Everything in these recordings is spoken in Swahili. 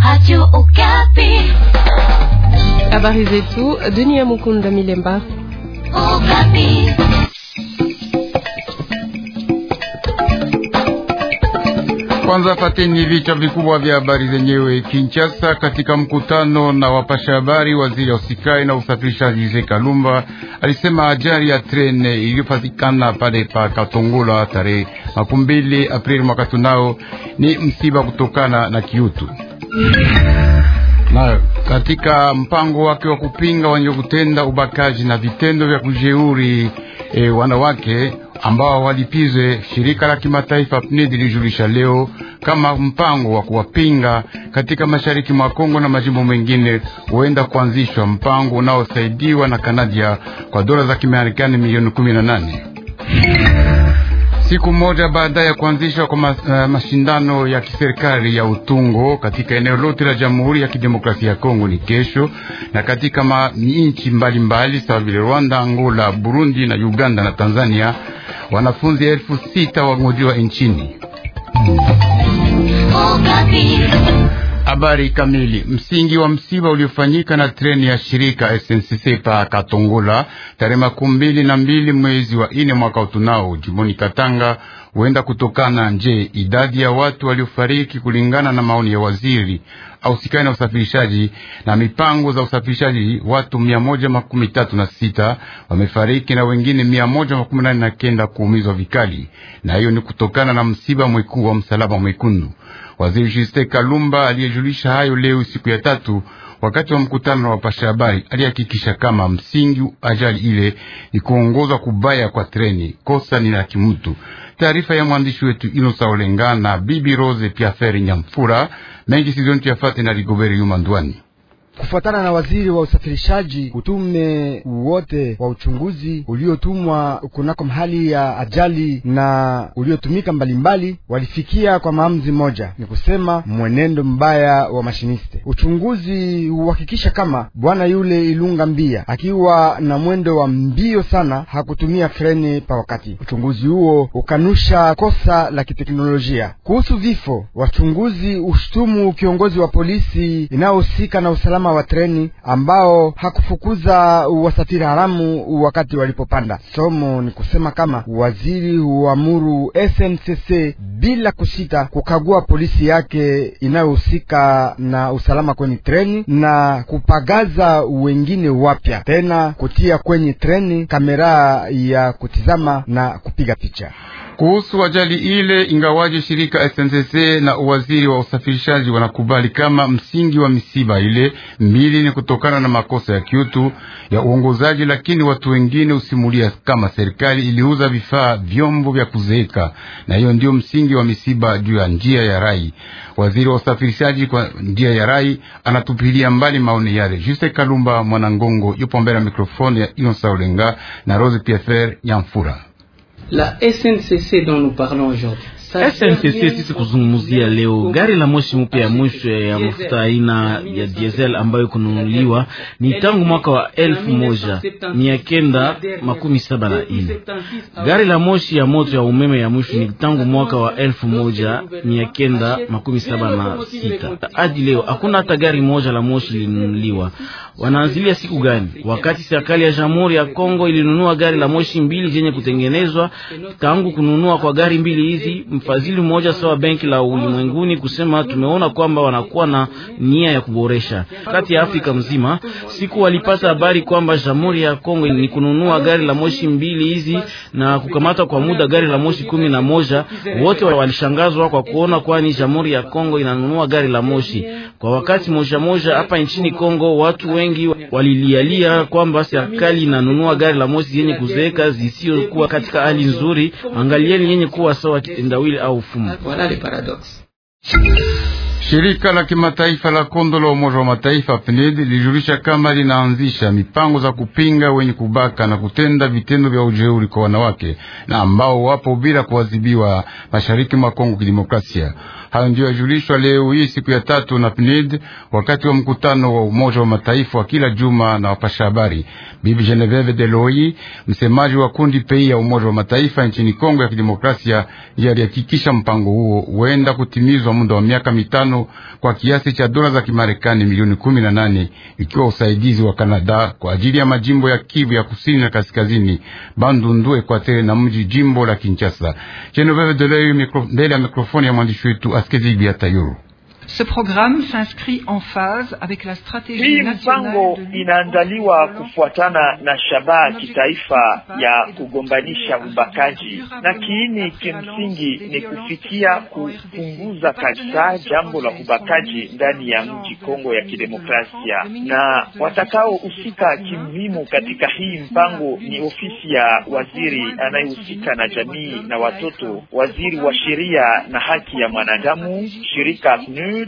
Radio Okapi. Habari zetu, Denis Mukunda Milemba. Okapi. Kwanza fateni vichwa vikubwa vya habari zenyewe. Kinshasa, katika mkutano na wapasha habari, waziri wa usikai na usafirishaji Jose Kalumba alisema ajali ya trene iliyopatikana pale pa Katongola tarehe makumi mbili Aprili mwaka tunao ni msiba kutokana na kiutu na katika mpango wake wa kupinga wenye kutenda ubakaji na vitendo vya kujeuri e, wanawake ambao walipizwe, shirika la kimataifa PNUD e lilijulisha leo kama mpango wa kuwapinga katika mashariki mwa Kongo na majimbo mengine huenda kuanzishwa, mpango unaosaidiwa na Kanada kwa dola za Kimarekani milioni 18. Siku moja baada ya kuanzishwa kwa eh, mashindano ya kiserikali ya utungo katika eneo lote la Jamhuri ya Kidemokrasia ya Kongo ni kesho, na katika nchi mbalimbali sawa vile Rwanda, Angola, Burundi na Uganda na Tanzania, wanafunzi elfu sita wang'ojiwa nchini. Oh, Habari kamili. Msingi wa msiba uliofanyika na treni ya shirika SNCC pa Katongola tarehe makumi mbili na mbili mwezi wa ine mwaka utunao jimboni Katanga huenda kutokana nje idadi ya watu waliofariki kulingana na maoni ya waziri ausikani na usafirishaji na mipango za usafirishaji. Watu mia moja makumi tatu na sita wamefariki na wengine mia moja makumi nane na kenda kuumizwa vikali, na hiyo ni kutokana na msiba mwekuu wa msalaba mwekundu. Waziri Justin Kalumba aliyejulisha hayo leo siku ya tatu wakati wa mkutano na wapasha habari alihakikisha kama msingi ajali ile ni kuongozwa kubaya kwa treni, kosa ni la kimtu. Taarifa ya mwandishi wetu Inosa Olenga na Bibi Rose Piaferi Nyamfura mengi sizoni tuyafate na Rigoberi Yuma Ndwani. Kufuatana na waziri wa usafirishaji, utume wote wa uchunguzi uliotumwa kunako mahali ya ajali na uliotumika mbalimbali walifikia kwa maamuzi moja, ni kusema mwenendo mbaya wa mashiniste. Uchunguzi huhakikisha kama bwana yule Ilunga Mbia akiwa na mwendo wa mbio sana hakutumia freni pa wakati. Uchunguzi huo ukanusha kosa la kiteknolojia. Kuhusu vifo, wachunguzi ushtumu kiongozi wa polisi inayohusika na usalama usalama wa treni ambao hakufukuza wasafiri haramu wakati walipopanda. Somo ni kusema kama waziri huamuru SNCC bila kusita kukagua polisi yake inayohusika na usalama kwenye treni na kupagaza wengine wapya, tena kutia kwenye treni kamera ya kutizama na kupiga picha kuhusu ajali ile, ingawaje shirika SNCC na uwaziri wa usafirishaji wanakubali kama msingi wa misiba ile mbili ni kutokana na makosa ya kiutu ya uongozaji, lakini watu wengine husimulia kama serikali iliuza vifaa vyombo vya kuzeeka, na hiyo ndio msingi wa misiba juu ya njia ya rai. Waziri wa usafirishaji kwa njia ya rai anatupilia mbali maoni yale. Juste Kalumba Mwanangongo yupo mbele ya mikrofoni ya Inosa na Rose Pierre Nyamfura. la SNCC dont nous parlons aujourd'hui SNCC sisi kuzungumzia leo gari la moshi mpya ya mwisho ya mafuta aina ya diesel ambayo kununuliwa ni tangu mwaka wa elfu moja mia kenda makumi saba na nne. Gari la moshi ya moto ya umeme ya mwisho ni tangu mwaka wa elfu moja mia kenda makumi saba na sita hadi leo hakuna hata gari moja la moshi lilinunuliwa. Wanaanzilia siku gani? Wakati serikali ya Jamhuri ya Kongo ilinunua gari la moshi mbili zenye kutengenezwa tangu kununua kwa gari mbili hizi mfadhili mmoja sawa benki la ulimwenguni kusema tumeona kwamba wanakuwa na nia ya kuboresha kati ya Afrika mzima. Siku walipata habari kwamba Jamhuri ya Kongo ni kununua gari la moshi mbili hizi na kukamata kwa muda gari la moshi kumi na moja. Wote walishangazwa kwa kuona, kwani Jamhuri ya Kongo inanunua gari la moshi. Kwa wakati moja moja hapa nchini Kongo, watu wengi walilialia kwamba serikali inanunua gari la mosi yenye kuzeeka zisiyokuwa katika hali nzuri. Angalieni yenye kuwa sawa kitendawili au fumo. Shirika la kimataifa la Kondo la Umoja wa Mataifa PNUD e lijulisha kama linaanzisha mipango za kupinga wenye kubaka na kutenda vitendo vya ujeuri kwa wanawake na ambao wapo bila kuadhibiwa mashariki mwa Kongo Kidemokrasia. Hayo ndio yajulishwa leo hii siku ya tatu na PNID wakati wa mkutano wa Umoja wa Mataifa wa kila juma na wapasha habari. Bibi Genevieve Deloi, msemaji wa kundi pei ya Umoja wa Mataifa nchini Kongo ya Kidemokrasia, ndiye alihakikisha mpango huo huenda kutimizwa muda wa miaka mitano kwa kiasi cha dola za Kimarekani milioni kumi na nane ikiwa usaidizi wa Kanada kwa ajili ya majimbo ya Kivu ya kusini na kaskazini, Bandundu, Ekwatere na mji jimbo la Kinshasa. Genevieve Deloi mbele ya mikrofoni ya mwandishi wetu Paskizigbi ya Ce programme s'inscrit en phase avec la stratégie hii mpango inaandaliwa kufuatana na shabaha kitaifa ya kugombanisha ubakaji, na kiini kimsingi ni kufikia kupunguza kabisa jambo la ubakaji ndani ya mji Kongo ya Kidemokrasia, na watakaohusika kimuhimu katika hii mpango ni ofisi ya waziri anayehusika na jamii na watoto, waziri wa sheria na haki ya mwanadamu, shirika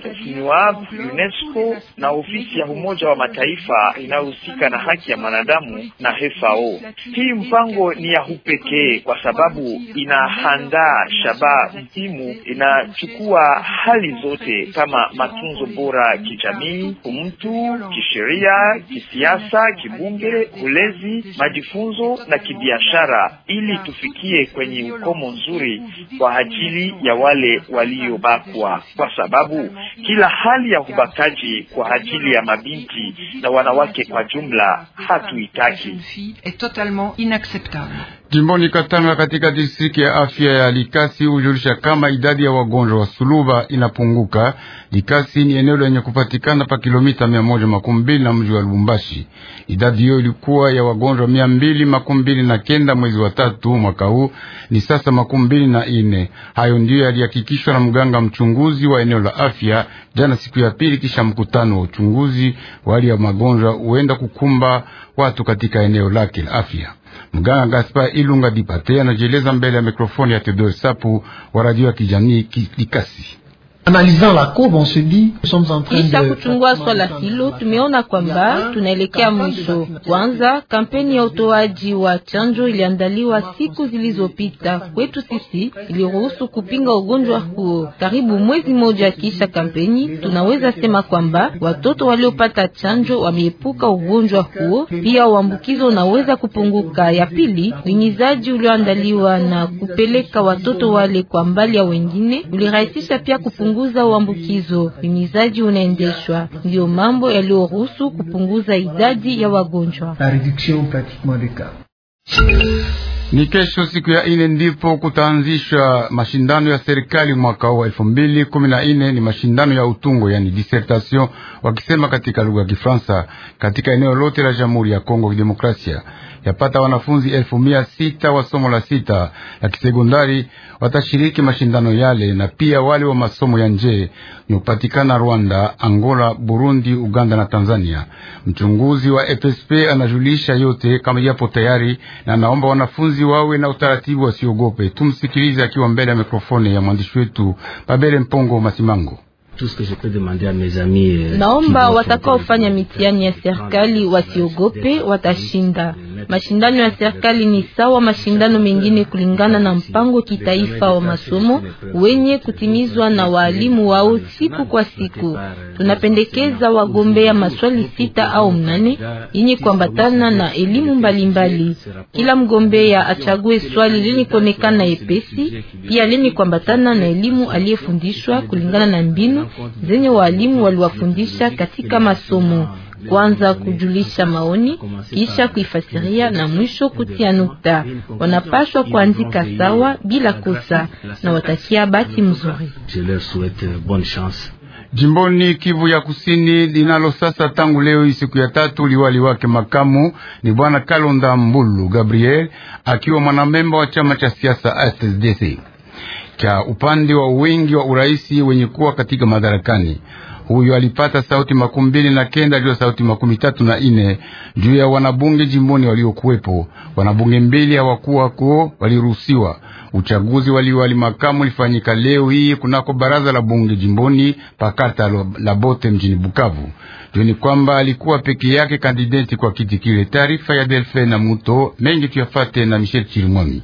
UNWAP, UNESCO na ofisi ya Umoja wa Mataifa inayohusika na haki ya mwanadamu na FAO. Hii mpango ni ya upekee kwa sababu inahandaa shabaha muhimu, inachukua hali zote kama matunzo bora kijamii, kumtu, kisheria, kisiasa, kibunge, ulezi, majifunzo na kibiashara, ili tufikie kwenye ukomo nzuri kwa ajili ya wale waliobakwa, kwa sababu kila hali ya ubakaji kwa ajili ya mabinti na wanawake kwa jumla hatuitaki. Jimboni Katanga katika distriki ya afya ya Likasi hujulisha kama idadi ya wagonjwa wa suluba inapunguka. Likasi ni eneo lenye kupatikana pa kilomita mia moja makumi mbili na mji wa Lubumbashi. Idadi hiyo ilikuwa ya wagonjwa mia mbili makumi mbili na kenda mwezi wa tatu mwaka huu, ni sasa makumi mbili na ine. Hayo ndiyo yalihakikishwa na mganga mchunguzi wa eneo la afya jana siku ya pili, kisha mkutano wa uchunguzi wa hali ya magonjwa huenda kukumba watu katika eneo lake la afya. Mganga Gaspar Ilunga Dipate anajieleza mbele ya mikrofoni ya Tedor Sapu wa radio ya kijamii Likasi. Kisha kuchungua swala hilo, tumeona kwamba tunaelekea mwisho. Kwanza, kampeni ya utoaji wa chanjo iliandaliwa siku zilizopita kwetu sisi, iliruhusu kupinga ugonjwa huo. Karibu mwezi moja kisha kampeni, tunaweza sema kwamba watoto waliopata chanjo wameepuka ugonjwa huo, pia uambukizo unaweza kupunguka. Ya pili, uimizaji ulioandaliwa na kupeleka watoto wale kwa mbali ya wengine ulirahisisha pia kupunguka kupunguza uambukizo. Uhimizaji unaendeshwa, ndiyo mambo yaliyoruhusu kupunguza idadi ya wagonjwa. Ni kesho siku ya ine ndipo kutaanzishwa mashindano ya serikali mwaka wa elfu mbili kumi na ine. Ni mashindano ya utungo, yani dissertation wakisema katika lugha ya Kifaransa, katika eneo lote la Jamhuri ya Kongo Kidemokrasia yapata wanafunzi elfu mia sita wa somo la sita la kisekondari watashiriki mashindano yale, na pia wale wa masomo ya nje upatikana Rwanda, Angola, Burundi, Uganda na Tanzania. Mchunguzi wa fsp anajulisha yote kama yapo tayari, na naomba wanafunzi wawe na utaratibu, wasiogope. Tumsikilize akiwa mbele ya mikrofoni ya mwandishi wetu Babele Mpongo Masimango. Euh, naomba watakaofanya mitihani ya serikali wasiogope, watashinda. Mashindano ya serikali ni sawa mashindano mengine kulingana na mpango kitaifa wa masomo wenye kutimizwa na waalimu wao siku kwa siku. Tunapendekeza wagombea maswali sita au mnane yenye kuambatana na elimu mbalimbali. Kila mgombea achague swali lenye kuonekana epesi, pia lenye kuambatana na elimu aliyefundishwa kulingana na mbinu zenye waalimu waliwafundisha katika masomo kwanza kujulisha maoni, kisha kuifasiria na mwisho kutia nukta. wanapaswa kuandika sawa bila kosa, na watakia bati mzuri. Euh, Jimboni Kivu ya Kusini linalo sasa tangu leo siku ya tatu, liwali wake makamu ni bwana Kalonda Mbulu Gabriel akiwa mwanamemba wa chama cha siasa SSDC cha upande wa wingi wa uraisi wenye kuwa katika madarakani huyo alipata sauti makumi mbili na kenda ya sauti makumi tatu na ine juu ya wanabunge jimboni waliokuwepo. Wanabunge mbili hawakuwako waliruhusiwa. Uchaguzi waliwali makamu ulifanyika leo hii kunako baraza la bunge jimboni pakata la bote mjini Bukavu. Joni kwamba alikuwa peke yake kandideti kwa kiti kile. Taarifa ya Delfe na Muto mengi tuyafate na Michel Chirimwami.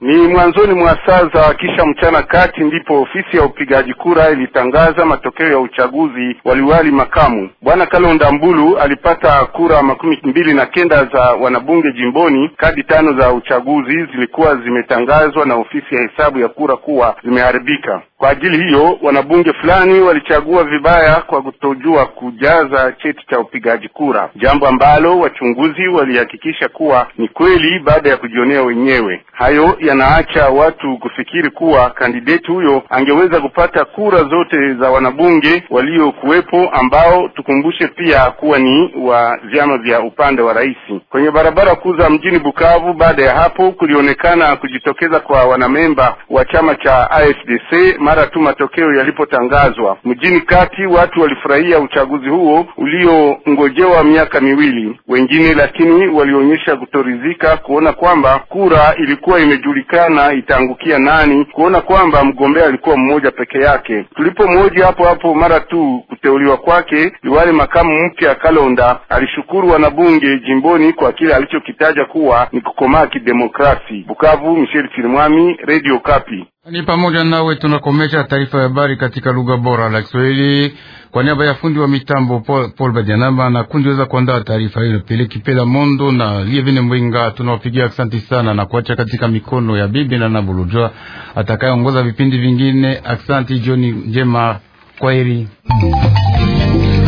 Ni mwanzoni mwa saa za kisha mchana kati ndipo ofisi ya upigaji kura ilitangaza matokeo ya uchaguzi wa liwali makamu. Bwana Kalonda Mbulu alipata kura makumi mbili na kenda za wanabunge jimboni. Kadi tano za uchaguzi zilikuwa zimetangazwa na ofisi ya hesabu ya kura kuwa zimeharibika. Kwa ajili hiyo, wanabunge fulani walichagua vibaya kwa kutojua kujaza cheti cha upigaji kura, jambo ambalo wachunguzi walihakikisha kuwa ni kweli baada ya kujionea wenyewe. Hayo yanaacha watu kufikiri kuwa kandideti huyo angeweza kupata kura zote za wanabunge waliokuwepo, ambao tukumbushe pia kuwa ni wa vyama vya upande wa rais. Kwenye barabara kuu za mjini Bukavu, baada ya hapo kulionekana kujitokeza kwa wanamemba wa chama cha AFDC mara tu matokeo yalipotangazwa. Mjini kati watu walifurahia uchaguzi huo uliongojewa miaka miwili. Wengine lakini walionyesha kutoridhika kuona kwamba kura ilikuwa imejulikana itaangukia nani, kuona kwamba mgombea alikuwa mmoja peke yake. tulipomoja hapo hapo mara tu kuteuliwa kwake, liwali makamu mpya Kalonda alishukuru wanabunge jimboni kwa kile alichokitaja kuwa ni kukomaa kidemokrasi. Bukavu, Michel Chirimwami, Radio Kapi. Ni pamoja nawe tunakomesha taarifa ya habari katika lugha bora la Kiswahili kwa niaba ya fundi wa mitambo Paul, Paul Badianamba na kundi weza kuandaa taarifa hiyo Pele Kipela Mondo na Lievine Mwinga. Tunawapigia asante sana na kuacha katika mikono ya bibi na Nabulujwa atakayeongoza vipindi vingine. Asante jioni njema, kwaheri.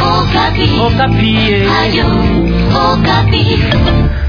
Okapi. Oh, Okapi. Oh, eh.